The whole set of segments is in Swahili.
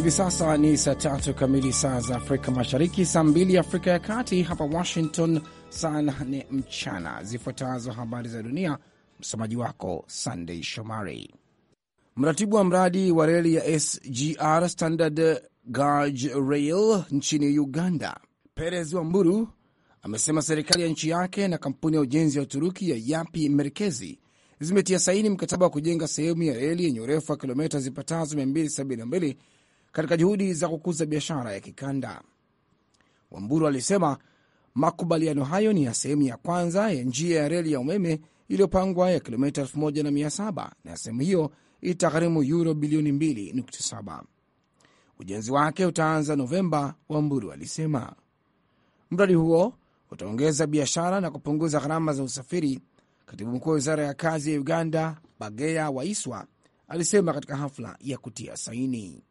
Hivi sasa ni saa tatu kamili saa za Afrika Mashariki, saa mbili Afrika ya Kati, hapa Washington saa nane mchana. Zifuatazo habari za dunia, msomaji wako Sandei Shomari. Mratibu wa mradi wa reli ya SGR, Standard Gauge Rail, nchini Uganda, Perez Wamburu amesema serikali ya nchi yake na kampuni ya ujenzi ya Uturuki ya Yapi Merkezi zimetia saini mkataba wa kujenga sehemu ya reli yenye urefu wa kilomita zipatazo 272 katika juhudi za kukuza biashara ya kikanda. Wamburu alisema makubaliano hayo ni ya sehemu ya kwanza ya njia ya reli ya umeme iliyopangwa ya kilomita 1700 na sehemu hiyo itagharimu yuro bilioni 2.7. Ujenzi wake utaanza Novemba, Wamburu alisema. Mradi huo utaongeza biashara na kupunguza gharama za usafiri. Katibu mkuu wa wizara ya kazi ya Uganda, Bagea Waiswa, alisema katika hafla ya kutia saini.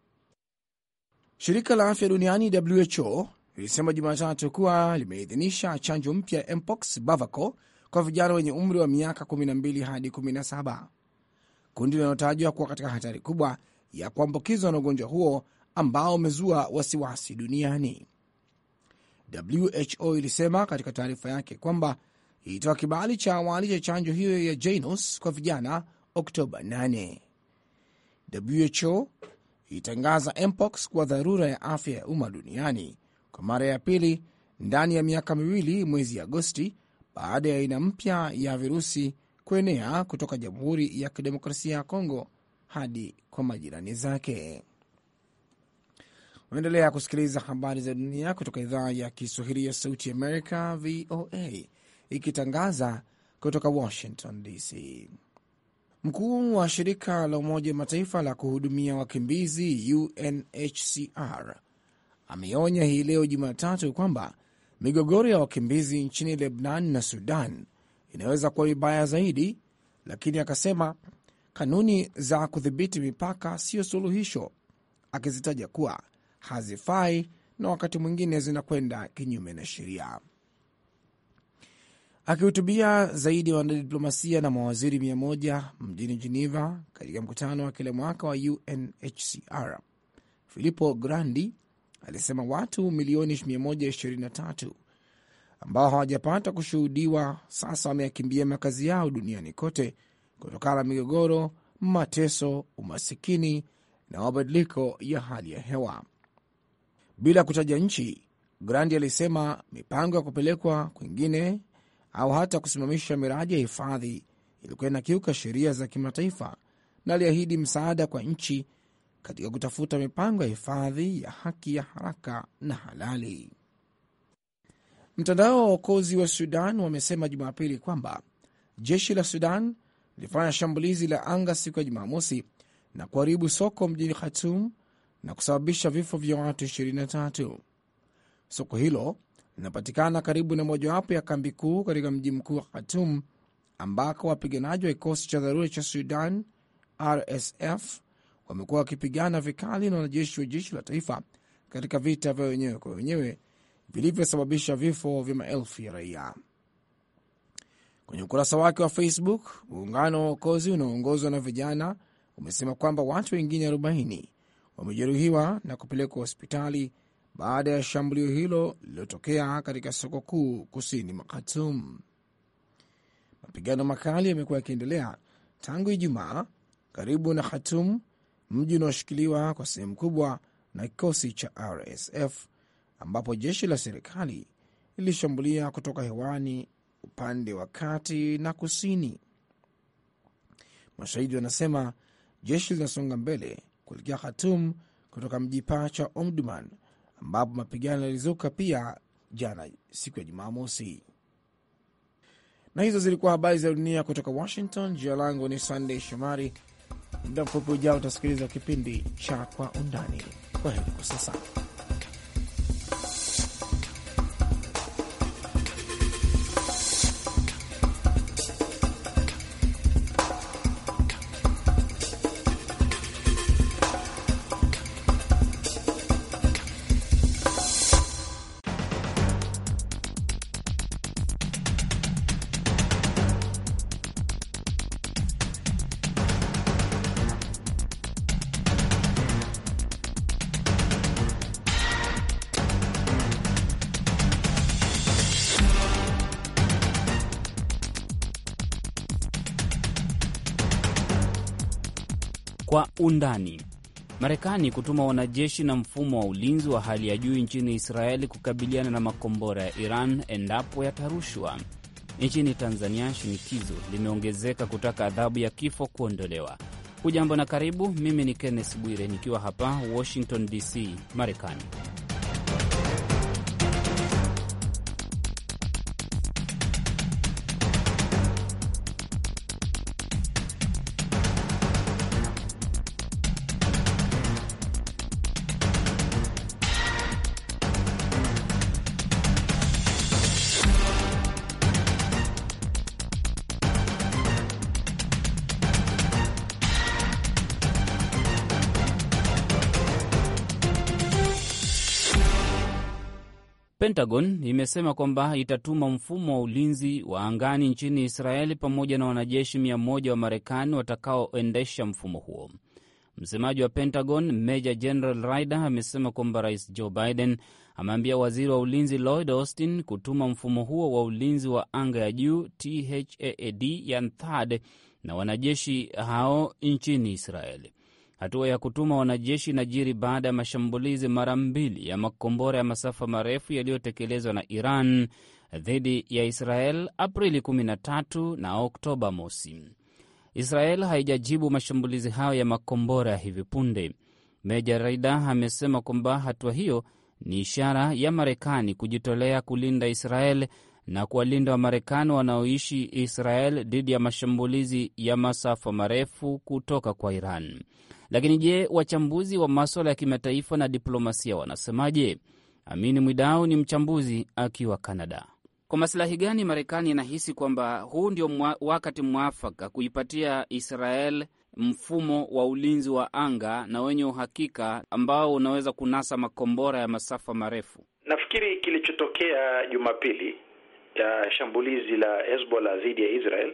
Shirika la afya duniani WHO lilisema Jumatatu kuwa limeidhinisha chanjo mpya ya mpox Bavaco kwa vijana wenye umri wa miaka 12 hadi 17, kundi linalotajwa kuwa katika hatari kubwa ya kuambukizwa na ugonjwa huo ambao umezua wasiwasi duniani. WHO ilisema katika taarifa yake kwamba ilitoa kibali cha awali cha chanjo hiyo ya Janos kwa vijana Oktoba 8. WHO ilitangaza mpox kuwa dharura ya afya ya umma duniani kwa mara ya pili ndani ya miaka miwili mwezi Agosti, baada ya aina mpya ya virusi kuenea kutoka Jamhuri ya Kidemokrasia ya Kongo hadi kwa majirani zake. Unaendelea kusikiliza habari za dunia kutoka idhaa ya Kiswahili ya Sauti Amerika, VOA, ikitangaza kutoka Washington DC. Mkuu wa shirika la Umoja wa Mataifa la kuhudumia wakimbizi UNHCR ameonya hii leo Jumatatu kwamba migogoro ya wakimbizi nchini Lebanon na Sudan inaweza kuwa vibaya zaidi, lakini akasema kanuni za kudhibiti mipaka siyo suluhisho, akizitaja kuwa hazifai na wakati mwingine zinakwenda kinyume na sheria. Akihutubia zaidi ya wanadiplomasia na mawaziri mia moja mjini Geneva katika mkutano wa kila mwaka wa UNHCR, Filippo Grandi alisema watu milioni 123 ambao hawajapata kushuhudiwa sasa wameyakimbia makazi yao duniani kote kutokana na migogoro, mateso, umasikini na mabadiliko ya hali ya hewa. Bila kutaja nchi, Grandi alisema mipango ya kupelekwa kwingine au hata kusimamisha miradi ya hifadhi ilikuwa inakiuka sheria za kimataifa, na aliahidi msaada kwa nchi katika kutafuta mipango ya hifadhi ya haki ya haraka na halali. Mtandao wa Uokozi wa Sudan wamesema Jumapili kwamba jeshi la Sudan lilifanya shambulizi la anga siku ya Jumamosi na kuharibu soko mjini Khartoum na kusababisha vifo vya watu 23. Soko hilo linapatikana karibu na mojawapo ya kambi kuu katika mji mkuu wa Khartoum, ambako wapiganaji wa kikosi cha dharura cha Sudan RSF wamekuwa wakipigana vikali na wanajeshi wa jeshi la taifa katika vita vya wenyewe kwa wenyewe vilivyosababisha vifo vya maelfu ya raia. Kwenye ukurasa wake wa Facebook, muungano wa uokozi unaoongozwa na vijana umesema kwamba watu wengine 40 wamejeruhiwa na kupelekwa hospitali baada ya shambulio hilo lililotokea katika soko kuu kusini mwa Khartoum. Mapigano makali yamekuwa yakiendelea tangu Ijumaa karibu na Khartoum, mji unaoshikiliwa kwa sehemu kubwa na kikosi cha RSF, ambapo jeshi la serikali lilishambulia kutoka hewani upande wa kati na kusini. Mashahidi wanasema jeshi linasonga mbele kuelekea Khartoum kutoka mji pacha Omdurman ambapo mapigano yalizuka pia jana siku ya Jumamosi. Na hizo zilikuwa habari za dunia kutoka Washington. Jina langu ni Sandey Shomari. Muda mfupi ujao utasikiliza kipindi cha Kwa Undani. Kwa heri kwa sasa. undani. Marekani kutuma wanajeshi na mfumo wa ulinzi wa hali ya juu nchini Israeli kukabiliana na makombora ya Iran endapo yatarushwa. Nchini Tanzania, shinikizo limeongezeka kutaka adhabu ya kifo kuondolewa. Hujambo na karibu. Mimi ni Kenneth Bwire nikiwa hapa Washington DC, Marekani. Pentagon imesema kwamba itatuma mfumo wa ulinzi wa angani nchini Israeli pamoja na wanajeshi mia moja wa Marekani watakaoendesha mfumo huo. Msemaji wa Pentagon Meja general Ryder amesema kwamba Rais Joe Biden ameambia waziri wa ulinzi Lloyd Austin kutuma mfumo huo wa ulinzi wa anga ya juu THAAD ya THAAD na wanajeshi hao nchini Israeli. Hatua ya kutuma wanajeshi inajiri baada ya mashambulizi mara mbili ya makombora ya masafa marefu yaliyotekelezwa na Iran dhidi ya Israel Aprili 13 na Oktoba mosi. Israel haijajibu mashambulizi hayo ya makombora ya hivi punde. Meja Raida amesema kwamba hatua hiyo ni ishara ya Marekani kujitolea kulinda Israel na kuwalinda Wamarekani wanaoishi Israel dhidi ya mashambulizi ya masafa marefu kutoka kwa Iran. Lakini je, wachambuzi wa maswala ya kimataifa na diplomasia wanasemaje? Amini Mwidau ni mchambuzi akiwa Canada. Kwa masilahi gani Marekani inahisi kwamba huu ndio mwa, wakati mwafaka kuipatia Israel mfumo wa ulinzi wa anga na wenye uhakika ambao unaweza kunasa makombora ya masafa marefu? Nafikiri kilichotokea Jumapili cha shambulizi la Hezbollah dhidi ya Israel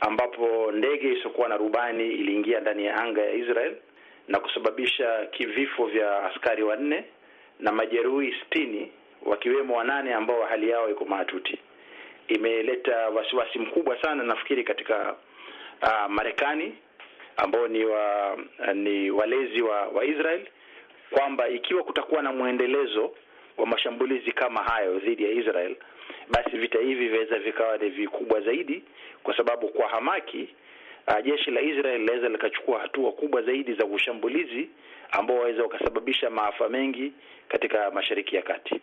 ambapo ndege isiyokuwa na rubani iliingia ndani ya anga ya Israel na kusababisha vifo vya askari wanne na majeruhi sitini wakiwemo wanane ambao hali yao iko mahatuti Imeleta wasiwasi mkubwa sana nafikiri katika uh, Marekani ambao ni wa, ni walezi wa, wa Israel kwamba ikiwa kutakuwa na mwendelezo wa mashambulizi kama hayo dhidi ya Israel basi vita hivi viweza vikawa ni vikubwa zaidi, kwa sababu kwa hamaki uh, jeshi la Israel linaweza likachukua hatua kubwa zaidi za ushambulizi ambao waweza ukasababisha maafa mengi katika Mashariki ya Kati.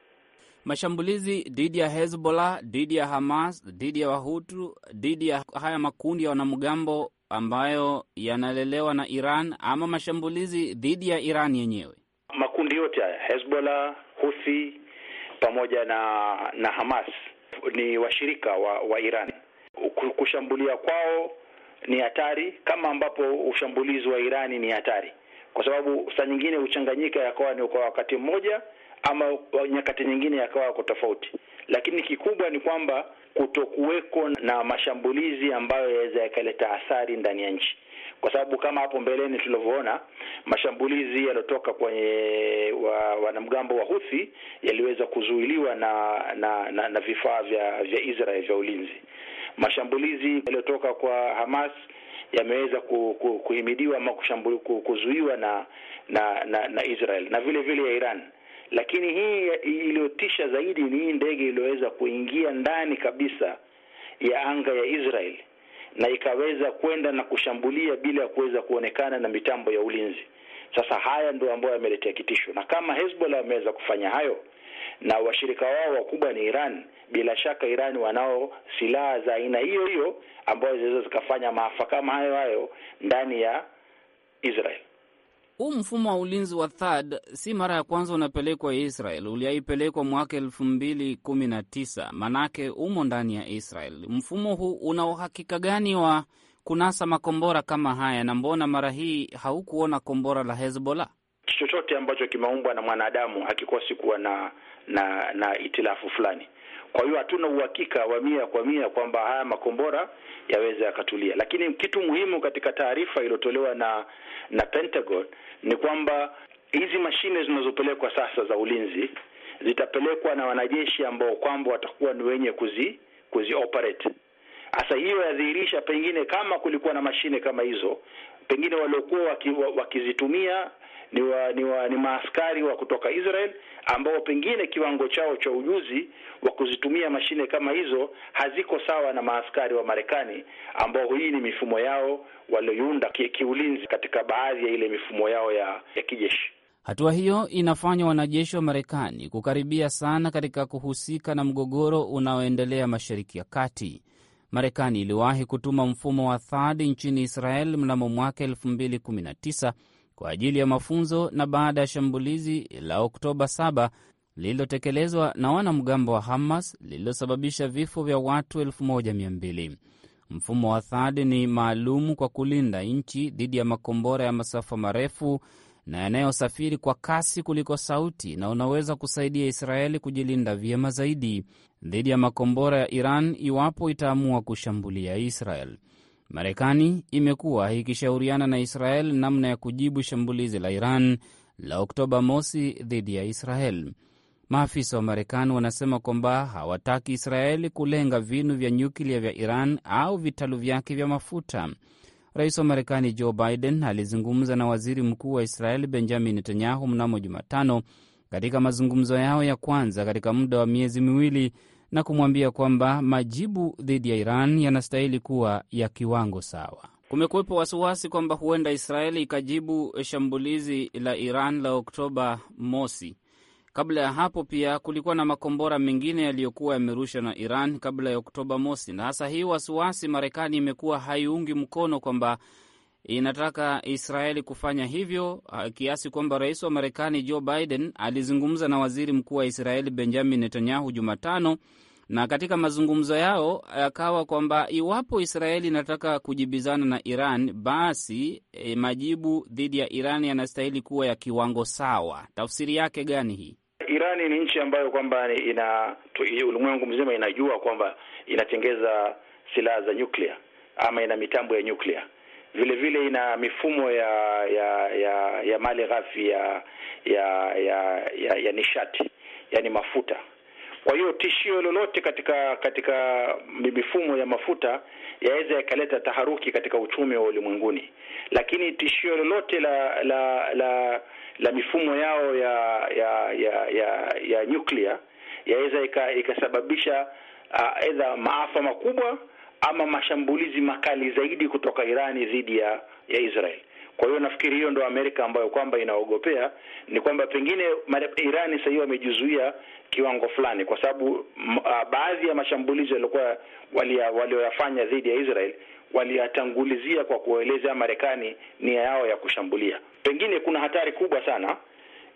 Mashambulizi dhidi ya Hezbollah, dhidi ya Hamas, dhidi ya Wahutu, dhidi ya haya makundi ya wanamgambo ambayo yanalelewa na Iran, ama mashambulizi dhidi ya Iran yenyewe, makundi yote haya Hezbollah, Houthi, pamoja na na Hamas ni washirika wa, wa Iran. Kushambulia kwao ni hatari kama ambapo ushambulizi wa Irani ni hatari, kwa sababu saa nyingine huchanganyika yakawa ni kwa wakati mmoja ama nyakati nyingine yakawa yako tofauti, lakini kikubwa ni kwamba kutokuweko na mashambulizi ambayo yaweza yakaleta athari ndani ya nchi kwa sababu kama hapo mbeleni tulivyoona mashambulizi yaliyotoka kwenye wanamgambo wa, wa Houthi yaliweza kuzuiliwa na na, na, na vifaa vya, vya Israel vya ulinzi. Mashambulizi yaliyotoka kwa Hamas yameweza ku, ku, kuhimidiwa ama kushambuli kuzuiwa na na, na na Israel na vile vile ya Iran lakini hii iliyotisha zaidi ni hii ndege iliyoweza kuingia ndani kabisa ya anga ya Israel na ikaweza kwenda na kushambulia bila ya kuweza kuonekana na mitambo ya ulinzi. Sasa haya ndio ambayo yameletea kitisho, na kama Hezbollah wameweza kufanya hayo na washirika wao wakubwa ni Iran, bila shaka Iran wanao silaha za aina hiyo hiyo ambayo zinaweza zikafanya maafa kama hayo hayo ndani ya Israel. Huu mfumo wa ulinzi wa THAD si mara ya kwanza unapelekwa Israel, uliaipelekwa mwaka elfu mbili kumi na tisa. Manake umo ndani ya Israel. Mfumo huu una uhakika gani wa kunasa makombora kama haya, na mbona mara hii haukuona kombora la Hezbollah? Chochote ambacho kimeumbwa na mwanadamu hakikosi kuwa na na na itilafu fulani. Kwa hiyo hatuna uhakika wa mia kwa mia kwamba haya makombora yaweza yakatulia, lakini kitu muhimu katika taarifa iliyotolewa na na Pentagon ni kwamba hizi mashine zinazopelekwa sasa za ulinzi zitapelekwa na wanajeshi ambao kwamba watakuwa ni wenye kuzi, kuzi operate sasa hiyo yadhihirisha pengine kama kulikuwa na mashine kama hizo, pengine waliokuwa waki, wakizitumia ni wa, ni, wa, ni maaskari wa kutoka Israel ambao pengine kiwango chao cha ujuzi wa kuzitumia mashine kama hizo haziko sawa na maaskari wa Marekani ambao hii ni mifumo yao walioiunda kiulinzi katika baadhi ya ile mifumo yao ya, ya kijeshi. Hatua hiyo inafanya wanajeshi wa Marekani kukaribia sana katika kuhusika na mgogoro unaoendelea Mashariki ya Kati. Marekani iliwahi kutuma mfumo wa THAD nchini Israel mnamo mwaka 2019 kwa ajili ya mafunzo na baada ya shambulizi la Oktoba 7 lililotekelezwa na wanamgambo wa Hamas lililosababisha vifo vya watu 1200. Mfumo wa THAD ni maalum kwa kulinda nchi dhidi ya makombora ya masafa marefu na yanayosafiri kwa kasi kuliko sauti na unaweza kusaidia Israeli kujilinda vyema zaidi dhidi ya makombora ya Iran iwapo itaamua kushambulia Israel. Marekani imekuwa ikishauriana na Israel namna ya kujibu shambulizi la Iran la Oktoba mosi dhidi ya Israel. Maafisa wa Marekani wanasema kwamba hawataki Israeli kulenga vinu vya nyuklia vya Iran au vitalu vyake vya mafuta. Rais wa Marekani Joe Biden alizungumza na waziri mkuu wa Israel Benjamin Netanyahu mnamo Jumatano katika mazungumzo yao ya kwanza katika muda wa miezi miwili na kumwambia kwamba majibu dhidi ya Iran yanastahili kuwa ya kiwango sawa. Kumekuwepo wasiwasi kwamba huenda Israeli ikajibu shambulizi la Iran la Oktoba mosi Kabla ya hapo pia kulikuwa na makombora mengine yaliyokuwa yamerushwa na Iran kabla ya Oktoba mosi, na hasa hii wasiwasi Marekani imekuwa haiungi mkono kwamba inataka Israeli kufanya hivyo, ah, kiasi kwamba rais wa Marekani Joe Biden alizungumza na waziri mkuu wa Israeli Benjamin Netanyahu Jumatano, na katika mazungumzo yao yakawa kwamba iwapo Israeli inataka kujibizana na Iran, basi e, majibu dhidi ya Iran yanastahili kuwa ya kiwango sawa. Tafsiri yake gani hii? Irani ni nchi ambayo kwamba ina ulimwengu mzima inajua kwamba inatengeza silaha za nyuklia ama ina mitambo ya nyuklia vile vile ina mifumo ya ya ya, ya mali ghafi ya ya ya, ya, ya nishati yani mafuta. Kwa hiyo tishio lolote katika katika mifumo ya mafuta yaweza yakaleta taharuki katika uchumi wa ulimwenguni, lakini tishio lolote la la la la mifumo yao ya ya ya ya, ya nyuklia yaweza ikasababisha aidha uh, maafa makubwa ama mashambulizi makali zaidi kutoka Irani dhidi ya ya Israel. Kwa hiyo nafikiri hiyo ndo Amerika ambayo kwamba inaogopea ni kwamba pengine Irani sasa hiyo wamejizuia kiwango fulani, kwa sababu uh, baadhi ya mashambulizi yaliokuwa walioyafanya dhidi ya Israel waliyatangulizia kwa kueleza Marekani nia yao ya kushambulia pengine kuna hatari kubwa sana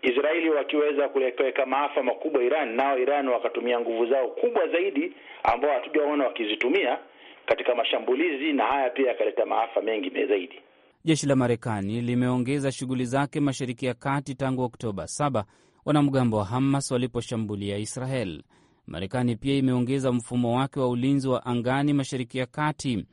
Israeli wakiweza kuleka maafa makubwa Iran, nao Iran wakatumia nguvu zao kubwa zaidi ambao hatujaona wakizitumia katika mashambulizi, na haya pia yakaleta maafa mengi zaidi. Jeshi la Marekani limeongeza shughuli zake Mashariki ya Kati tangu Oktoba 7 wanamgambo wa Hamas waliposhambulia Israel. Marekani pia imeongeza mfumo wake wa ulinzi wa angani Mashariki ya Kati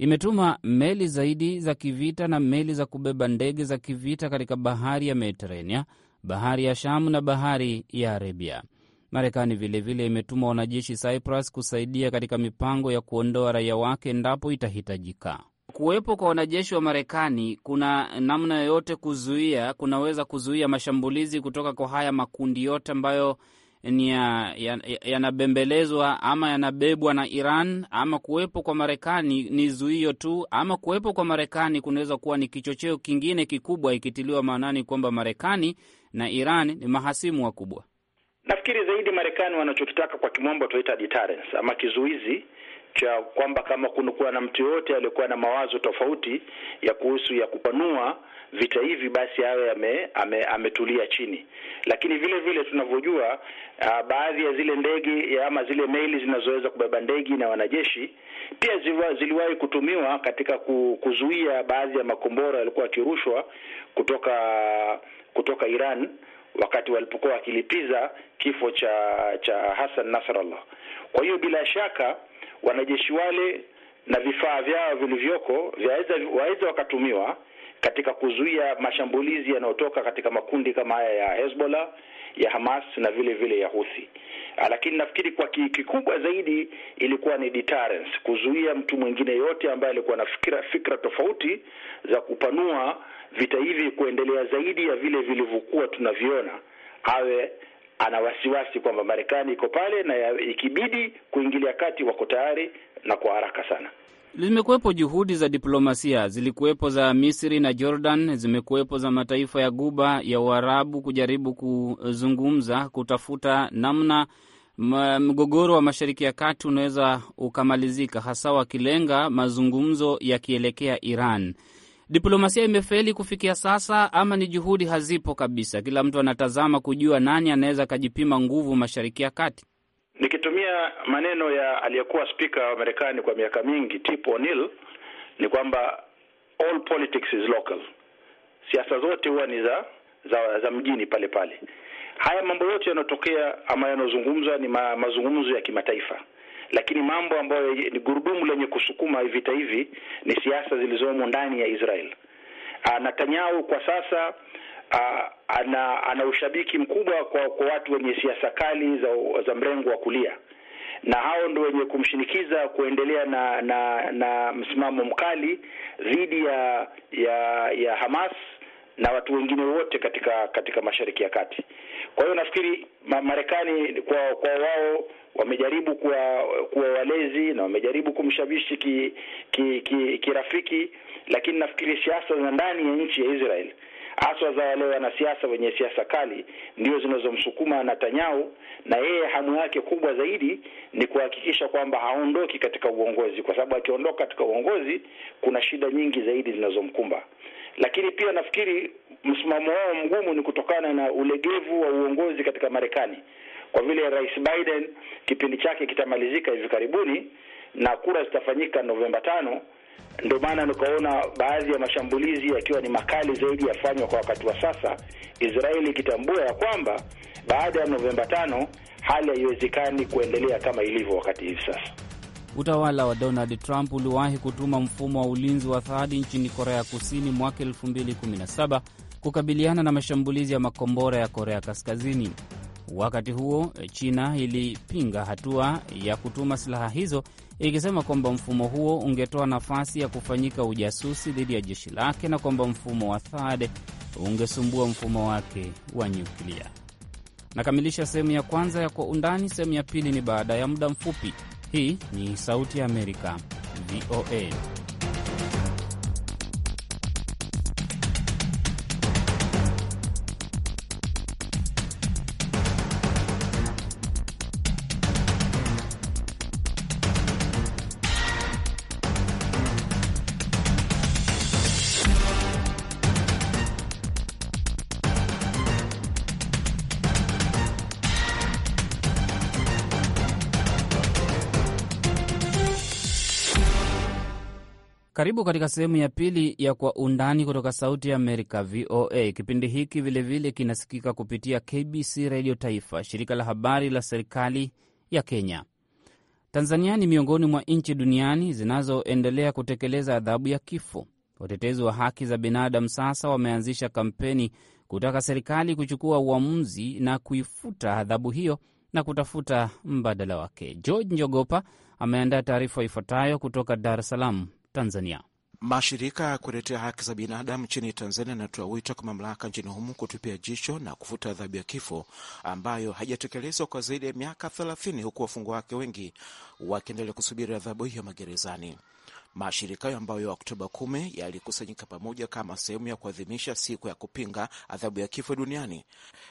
imetuma meli zaidi za kivita na meli za kubeba ndege za kivita katika bahari ya Mediterania, bahari ya Shamu na bahari ya Arabia. Marekani vilevile imetuma wanajeshi Cyprus kusaidia katika mipango ya kuondoa raia wake endapo itahitajika. Kuwepo kwa wanajeshi wa Marekani kuna namna yoyote kuzuia, kunaweza kuzuia mashambulizi kutoka kwa haya makundi yote ambayo ni yanabembelezwa ya, ya ama yanabebwa na Iran ama kuwepo kwa Marekani ni zuio tu, ama kuwepo kwa Marekani kunaweza kuwa ni kichocheo kingine kikubwa, ikitiliwa maanani kwamba Marekani na Iran ni mahasimu wakubwa. Nafikiri zaidi Marekani wanachokitaka kwa kimombo tunaita deterrence ama kizuizi cha kwamba kama kunakuwa na mtu yoyote aliyekuwa na mawazo tofauti ya kuhusu ya kupanua vita hivi, basi awe ame, ametulia chini. Lakini vile vile tunavyojua, uh, baadhi ya zile ndege ama zile meli zinazoweza kubeba ndege na wanajeshi pia ziliwahi kutumiwa katika kuzuia baadhi ya makombora yalikuwa yakirushwa kutoka kutoka Iran wakati walipokuwa wakilipiza kifo cha cha Hassan Nasrallah. Kwa hiyo bila shaka wanajeshi wale na vifaa vyao vilivyoko waweza wakatumiwa katika kuzuia mashambulizi yanayotoka katika makundi kama haya ya Hezbollah, ya Hamas na vile vile ya Houthi. Ah, lakini nafikiri kwa kikubwa zaidi ilikuwa ni deterrence, kuzuia mtu mwingine yote ambaye alikuwa na fikra, fikra tofauti za kupanua vita hivi kuendelea zaidi ya vile vilivyokuwa tunaviona, awe ana wasiwasi kwamba Marekani iko pale na ya, ikibidi kuingilia kati wako tayari na kwa haraka sana. Zimekuwepo juhudi za diplomasia, zilikuwepo za Misri na Jordan, zimekuwepo za mataifa ya Guba ya Uarabu kujaribu kuzungumza, kutafuta namna mgogoro wa Mashariki ya Kati unaweza ukamalizika, hasa wakilenga mazungumzo yakielekea Iran. Diplomasia imefeli kufikia sasa, ama ni juhudi hazipo kabisa? Kila mtu anatazama kujua nani anaweza akajipima nguvu Mashariki ya Kati. Nikitumia maneno ya aliyekuwa spika wa Marekani kwa miaka mingi Tip O'Neill, ni kwamba all politics is local, siasa zote huwa ni za, za za mjini pale pale. Haya mambo yote yanayotokea ama yanayozungumzwa ni ma, mazungumzo ya kimataifa, lakini mambo ambayo ni gurudumu lenye kusukuma vita hivi ni siasa zilizomo ndani ya Israel. Ah, Netanyahu kwa sasa ana, ana ushabiki mkubwa kwa, kwa watu wenye siasa kali za, za mrengo wa kulia na hao ndio wenye kumshinikiza kuendelea na na, na msimamo mkali dhidi ya ya ya Hamas na watu wengine wote katika katika Mashariki ya Kati. Kwa hiyo nafikiri Marekani kwa kwa wao wamejaribu kuwa kuwa walezi na wamejaribu kumshawishi kirafiki ki, ki, ki, lakini nafikiri siasa za ndani ya nchi ya Israel haswa za wale wanasiasa wenye siasa kali ndio zinazomsukuma Netanyahu, na yeye hamu yake kubwa zaidi ni kuhakikisha kwamba haondoki katika uongozi, kwa sababu akiondoka katika uongozi kuna shida nyingi zaidi zinazomkumba. Lakini pia nafikiri msimamo wao mgumu ni kutokana na ulegevu wa uongozi katika Marekani, kwa vile Rais Biden kipindi chake kitamalizika hivi karibuni na kura zitafanyika Novemba tano. Ndio maana nikaona baadhi ya mashambulizi yakiwa ni makali zaidi yafanywa kwa wakati wa sasa, Israeli ikitambua ya kwamba baada ya Novemba tano hali haiwezekani kuendelea kama ilivyo wakati hivi sasa. Utawala wa Donald Trump uliwahi kutuma mfumo wa ulinzi wa thadi nchini Korea Kusini mwaka 2017 kukabiliana na mashambulizi ya makombora ya Korea Kaskazini. Wakati huo China ilipinga hatua ya kutuma silaha hizo ikisema kwamba mfumo huo ungetoa nafasi ya kufanyika ujasusi dhidi ya jeshi lake na kwamba mfumo wa THAAD ungesumbua mfumo wake wa nyuklia. Nakamilisha sehemu ya kwanza ya Kwa Undani. Sehemu ya pili ni baada ya muda mfupi. Hii ni Sauti ya Amerika, VOA. Karibu katika sehemu ya pili ya Kwa Undani kutoka Sauti ya Amerika, VOA. Kipindi hiki vilevile vile kinasikika kupitia KBC Redio Taifa, shirika la habari la serikali ya Kenya. Tanzania ni miongoni mwa nchi duniani zinazoendelea kutekeleza adhabu ya kifo. Watetezi wa haki za binadamu sasa wameanzisha kampeni kutaka serikali kuchukua uamuzi na kuifuta adhabu hiyo na kutafuta mbadala wake. George Njogopa ameandaa taarifa ifuatayo kutoka Dar es Salaam. Tanzania. Mashirika ya kutetea haki za binadamu nchini Tanzania yanatoa wito kwa mamlaka nchini humu kutupia jicho na kufuta adhabu ya kifo ambayo haijatekelezwa kwa zaidi ya miaka 30 huku wafungwa wake wengi wakiendelea kusubiri adhabu hiyo magerezani. Mashirika hayo ambayo Oktoba kumi yalikusanyika pamoja kama sehemu ya kuadhimisha siku ya kupinga adhabu ya kifo duniani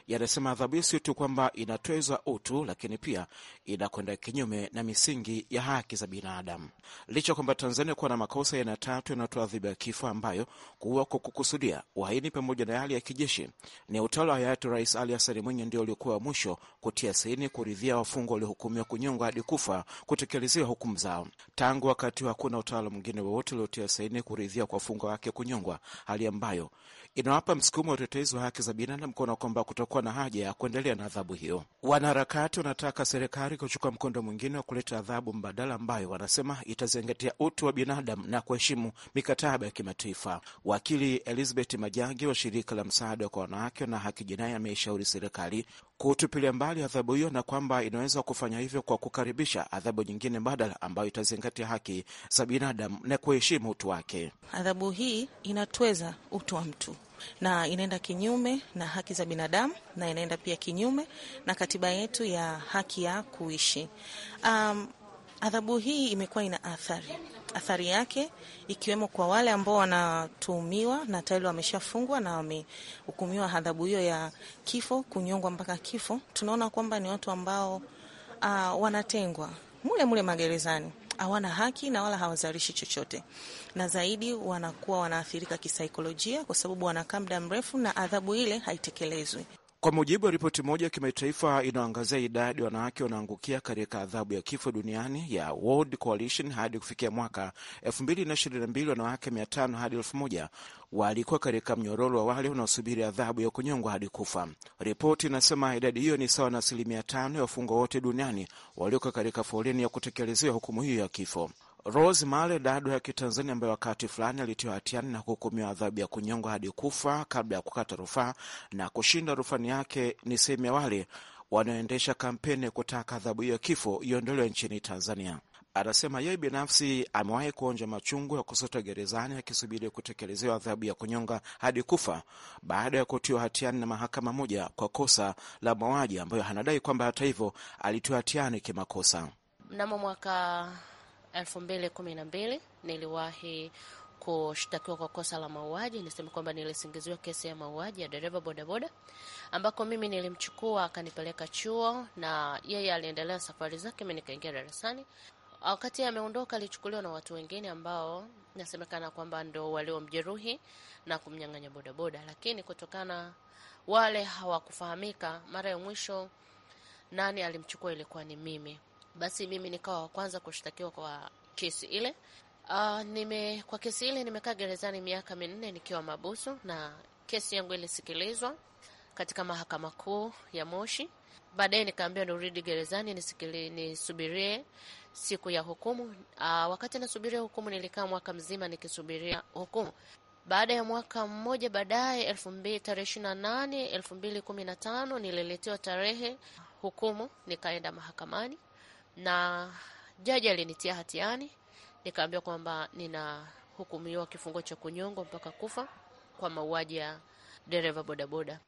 yanasema adhabu hiyo sio tu kwamba inatweza utu, lakini pia inakwenda kinyume na misingi ya haki za binadamu. Licha kwamba Tanzania kuwa na makosa ya aina tatu yanayotoa adhabu ya kifo ambayo kuua kwa kukusudia, uhaini pamoja na hali ya kijeshi, ni utawala wa hayati Rais Ali Hassan Mwinyi ndio uliokuwa wa mwisho kutia saini kuridhia wafungwa waliohukumiwa kunyongwa hadi kufa kutekelezewa hukumu zao. Tangu wakati hakuna utawala utawala mwingine wowote uliotia saini kuridhia kwa wafungwa wake kunyongwa, hali ambayo inawapa msukumo wa utetezi wa haki za binadamu kuona kwamba kutakuwa na haja ya kuendelea na adhabu hiyo. Wanaharakati wanataka serikali kuchukua mkondo mwingine wa kuleta adhabu mbadala ambayo wanasema itazingatia utu wa binadamu na kuheshimu mikataba ya kimataifa. Wakili Elizabeth Majangi wa shirika la msaada kwa wanawake na haki jinai ameishauri serikali kutupilia mbali adhabu hiyo na kwamba inaweza kufanya hivyo kwa kukaribisha adhabu nyingine mbadala ambayo itazingatia haki za binadamu na kuheshimu utu wake. Adhabu hii inatweza utu wa mtu na inaenda kinyume na haki za binadamu na inaenda pia kinyume na katiba yetu ya haki ya kuishi. Um, adhabu hii imekuwa ina athari athari yake ikiwemo kwa wale ambao wanatuhumiwa na tayari wameshafungwa na wamehukumiwa adhabu hiyo ya kifo, kunyongwa mpaka kifo. Tunaona kwamba ni watu ambao uh, wanatengwa mule mule magerezani, hawana haki na wala hawazalishi chochote, na zaidi wanakuwa wanaathirika kisaikolojia, kwa sababu wanakaa muda mrefu na adhabu ile haitekelezwi. Kwa mujibu wa ripoti moja ya kimataifa inayoangazia idadi wanawake wanaangukia katika adhabu ya kifo duniani ya World Coalition, hadi kufikia mwaka 2022 wanawake 500 hadi 1000 walikuwa katika mnyororo wa wale wanaosubiri adhabu ya kunyongwa hadi kufa. Ripoti inasema idadi hiyo ni sawa na asilimia tano ya wafungwa wote duniani walioko katika foleni ya kutekelezewa hukumu hiyo ya kifo. Rose Male dada ya Kitanzania ambaye wakati fulani alitiwa hatiani na kuhukumiwa adhabu ya kunyongwa hadi kufa kabla ya kukata rufaa na kushinda rufani yake, ni sehemu ya wale wanaoendesha kampeni kutaka adhabu hiyo kifo iondolewe nchini Tanzania. Anasema yeye binafsi amewahi kuonja machungu ya kusota gerezani akisubiri kutekelezewa adhabu ya kunyonga hadi kufa baada ya kutiwa hatiani na mahakama moja kwa kosa la mauaji ambayo anadai kwamba hata hivyo alitiwa hatiani kimakosa mnamo mwaka elfu mbili kumi na mbili niliwahi kushtakiwa kwa kosa la mauaji. Niseme kwamba nilisingiziwa kesi ya mauaji ya dereva bodaboda, ambako mimi nilimchukua akanipeleka chuo na yeye aliendelea safari zake, mimi nikaingia darasani. Wakati ameondoka, alichukuliwa na watu wengine ambao nasemekana kwamba ndo waliomjeruhi na kumnyang'anya bodaboda, lakini kutokana wale hawakufahamika. Mara ya mwisho nani alimchukua ilikuwa ni mimi basi mimi nikawa wa kwanza kushtakiwa kwa kesi ile. Uh, nime kwa kesi ile nimekaa gerezani miaka minne nikiwa mabusu, na kesi yangu ilisikilizwa katika mahakama kuu ya Moshi. Baadaye nikaambiwa nirudi gerezani nisikili, nisubirie siku ya hukumu. Uh, wakati nasubiria hukumu nilikaa mwaka mzima nikisubiria hukumu. Baada ya mwaka mmoja baadaye, elfu mbili tarehe ishirini na nane elfu mbili kumi na tano nililetewa tarehe hukumu, nikaenda mahakamani na jaji alinitia hatiani, nikaambiwa kwamba ninahukumiwa kifungo cha kunyongwa mpaka kufa kwa mauaji ya dereva bodaboda.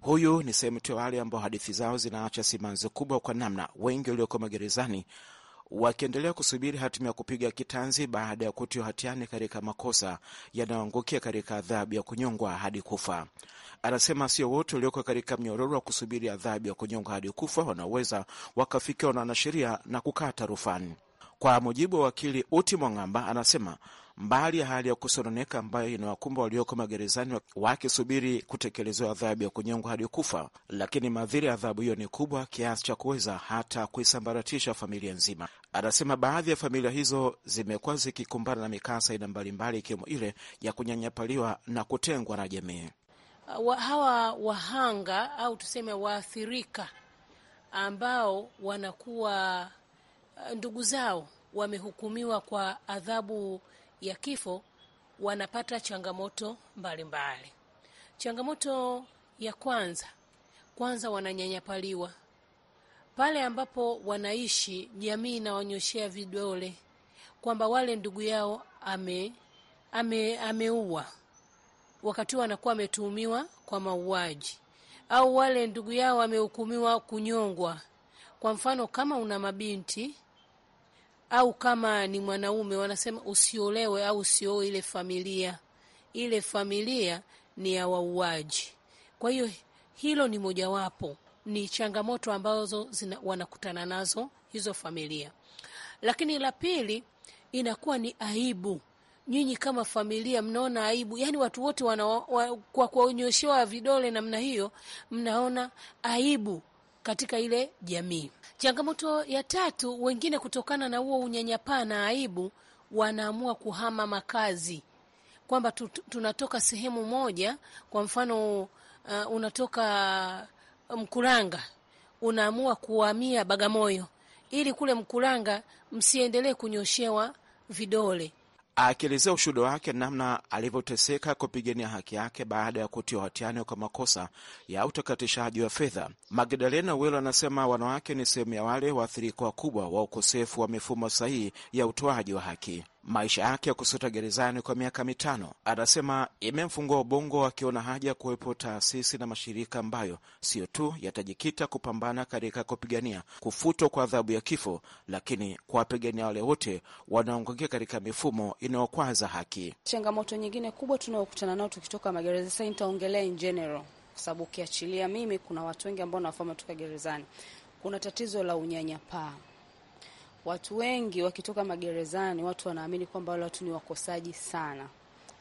Huyu ni sehemu tu ya wale ambao hadithi zao zinaacha simanzi kubwa, kwa namna wengi walioko magerezani wakiendelea kusubiri hatima ya kupiga kitanzi baada ya kutiwa hatiani katika makosa yanayoangukia katika adhabu ya kunyongwa hadi kufa. Anasema sio wote walioko katika mnyororo wa kusubiri adhabu ya kunyonga hadi kufa wanaoweza wakafikiwa na wanasheria na kukata rufani. Kwa mujibu wa wakili Uti Mwang'amba, anasema mbali ya hali ya kusononeka ambayo inawakumba walioko magerezani wakisubiri kutekelezewa adhabu ya kunyongwa hadi kufa, lakini madhira ya adhabu hiyo ni kubwa kiasi cha kuweza hata kuisambaratisha familia nzima. Anasema baadhi ya familia hizo zimekuwa zikikumbana na mikasa aina mbalimbali, ikiwemo ile ya kunyanyapaliwa na kutengwa na jamii wa, hawa wahanga au tuseme waathirika ambao wanakuwa eh, ndugu zao wamehukumiwa kwa adhabu ya kifo wanapata changamoto mbalimbali mbali. Changamoto ya kwanza kwanza, wananyanyapaliwa pale ambapo wanaishi, jamii inawanyoshea vidole kwamba wale ndugu yao ame, ame, ameua wakati huo anakuwa ametuhumiwa kwa mauaji, au wale ndugu yao wamehukumiwa kunyongwa. Kwa mfano, kama una mabinti au kama ni mwanaume, wanasema usiolewe au usioe ile familia, ile familia ni ya wauaji. Kwa hiyo hilo ni mojawapo, ni changamoto ambazo zina, wanakutana nazo hizo familia. Lakini la pili inakuwa ni aibu nyinyi kama familia mnaona aibu? Yani watu wote wana, wa, kwa kuonyeshewa vidole namna hiyo mnaona aibu katika ile jamii. Changamoto ya tatu, wengine kutokana na huo unyanyapaa na aibu wanaamua kuhama makazi, kwamba tunatoka sehemu moja. Kwa mfano uh, unatoka Mkuranga unaamua kuhamia Bagamoyo ili kule Mkuranga msiendelee kunyoshewa vidole akielezea ushuhuda wake namna alivyoteseka kupigania haki yake baada ya kutiwa hatiani kwa makosa ya utakatishaji wa fedha. Magdalena Welo anasema wanawake ni sehemu ya wale waathirika wakubwa wa ukosefu wa mifumo sahihi ya utoaji wa haki maisha yake ya kusuta gerezani kwa miaka mitano, anasema imemfungua ubongo, akiona haja ya kuwepo taasisi na mashirika ambayo siyo tu yatajikita kupambana katika kupigania kufutwa kwa adhabu ya kifo, lakini kuwapigania wale wote wanaongokia katika mifumo inayokwaza haki. Changamoto nyingine kubwa tunayokutana nao tukitoka magereza, sasa nitaongelea in general, kwa sababu ukiachilia mimi, kuna watu wengi ambao nawafahamu toka gerezani, kuna tatizo la unyanyapaa Watu wengi wakitoka magerezani, watu wanaamini kwamba wale watu ni wakosaji sana,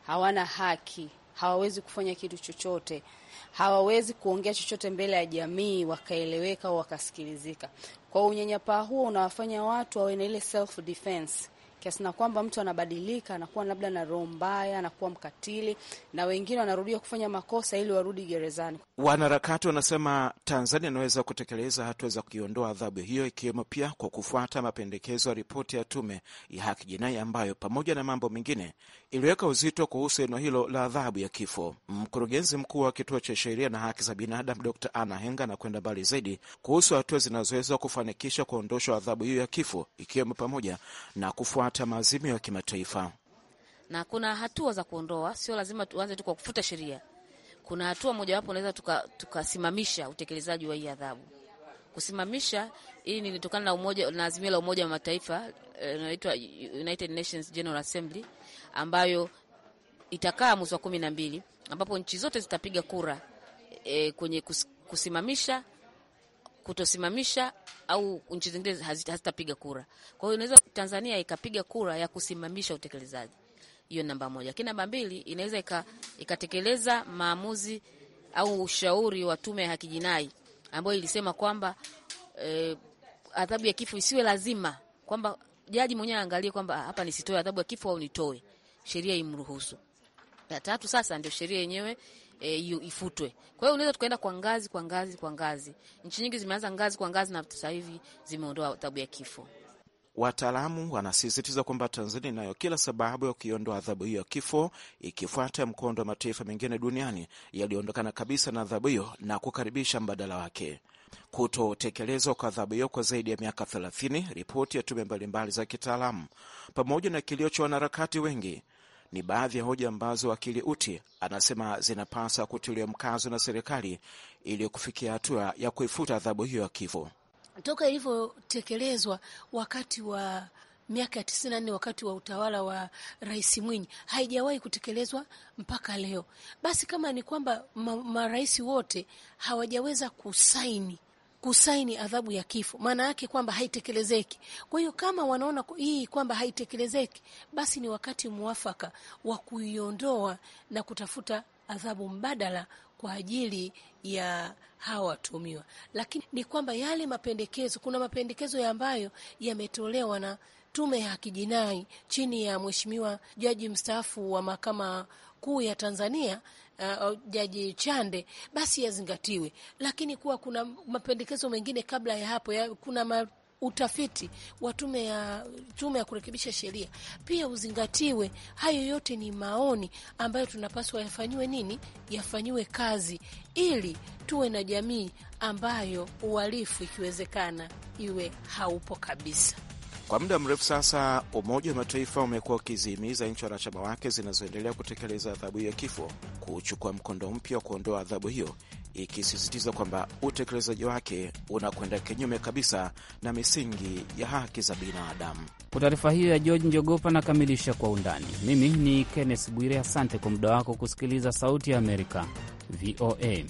hawana haki, hawawezi kufanya kitu chochote, hawawezi kuongea chochote mbele ya jamii wakaeleweka au wakasikilizika. Kwa unyanyapaa huo unawafanya watu wawe na ile self defense kiasi na kwamba mtu anabadilika, anakuwa labda na roho mbaya, anakuwa mkatili, na wengine wanarudia kufanya makosa ili warudi gerezani. Wanaharakati wanasema Tanzania inaweza kutekeleza hatua za kuiondoa adhabu hiyo, ikiwemo pia kwa kufuata mapendekezo ya ripoti ya Tume ya Haki Jinai ambayo pamoja na mambo mengine iliweka uzito kuhusu eneo hilo la adhabu ya kifo. Mkurugenzi mkuu wa Kituo cha Sheria na Haki za Binadamu Dr Anna Henga anakwenda mbali zaidi kuhusu hatua zinazoweza kufanikisha kuondoshwa adhabu hiyo ya kifo, ikiwemo pamoja na kufuata kufuata maazimio ya kimataifa, na kuna hatua za kuondoa. Sio lazima tuanze tu kwa kufuta sheria, kuna hatua mojawapo unaweza tukasimamisha tuka utekelezaji wa hii adhabu kusimamisha hii nilitokana na umoja na azimio la Umoja wa Mataifa eh, inaitwa United Nations General Assembly ambayo itakaa mwezi wa kumi na mbili ambapo nchi zote zitapiga kura e, kwenye kus, kusimamisha kutosimamisha au nchi zingine hazitapiga kura. Kwa hiyo inaweza Tanzania ikapiga kura ya kusimamisha utekelezaji. Hiyo namba moja. Lakini namba mbili inaweza ikatekeleza maamuzi au ushauri wa tume ya haki jinai ambayo ilisema kwamba eh, adhabu ya kifo isiwe lazima, kwamba jaji mwenyewe aangalie kwamba ah, hapa nisitoe adhabu ya kifo au nitoe, sheria imruhusu. Ya tatu sasa ndio sheria yenyewe e, ifutwe. Kwa hiyo unaweza tukaenda kwa ngazi kwa ngazi kwa ngazi. Nchi nyingi zimeanza ngazi kwa ngazi na sasa hivi zimeondoa adhabu ya kifo. Wataalamu wanasisitiza kwamba Tanzania inayo kila sababu ya kuiondoa adhabu hiyo ya kifo, ikifuata mkondo wa mataifa mengine duniani yaliyoondokana kabisa na adhabu hiyo na kukaribisha mbadala wake. Kutotekelezwa kwa adhabu hiyo kwa zaidi ya miaka 30, ripoti ya tume mbalimbali za kitaalamu, pamoja na kilio cha wanaharakati wengi ni baadhi ya hoja ambazo wakili Uti anasema zinapaswa kutiliwa mkazo na serikali ili kufikia hatua ya kuifuta adhabu hiyo ya kifo toka ilivyotekelezwa wakati wa miaka ya tisini na nne wakati wa utawala wa Rais Mwinyi haijawahi kutekelezwa mpaka leo. Basi kama ni kwamba marais ma wote hawajaweza kusaini kusaini adhabu ya kifo, maana yake kwamba haitekelezeki. Kwa hiyo kama wanaona hii kwamba haitekelezeki, basi ni wakati mwafaka wa kuiondoa na kutafuta adhabu mbadala kwa ajili ya hawa watumiwa. Lakini ni kwamba yale mapendekezo, kuna mapendekezo ya ambayo yametolewa na tume ya kijinai chini ya mheshimiwa jaji mstaafu wa mahakama kuu ya Tanzania uh, Jaji Chande basi yazingatiwe, lakini kuwa kuna mapendekezo mengine kabla ya hapo ya, kuna ma, utafiti wa tume ya tume ya kurekebisha sheria pia uzingatiwe. Hayo yote ni maoni ambayo tunapaswa yafanyiwe nini, yafanyiwe kazi, ili tuwe na jamii ambayo uhalifu ikiwezekana iwe haupo kabisa. Kwa muda mrefu sasa, Umoja wa Mataifa umekuwa ukizihimiza nchi wanachama wake zinazoendelea kutekeleza adhabu hiyo ya kifo kuchukua mkondo mpya wa kuondoa adhabu hiyo, ikisisitiza kwamba utekelezaji wake unakwenda kinyume kabisa na misingi ya haki za binadamu. Kwa taarifa hiyo ya George Njogopa nakamilisha kwa undani. Mimi ni Kenneth Bwire, asante kwa muda wako kusikiliza Sauti ya Amerika VOA.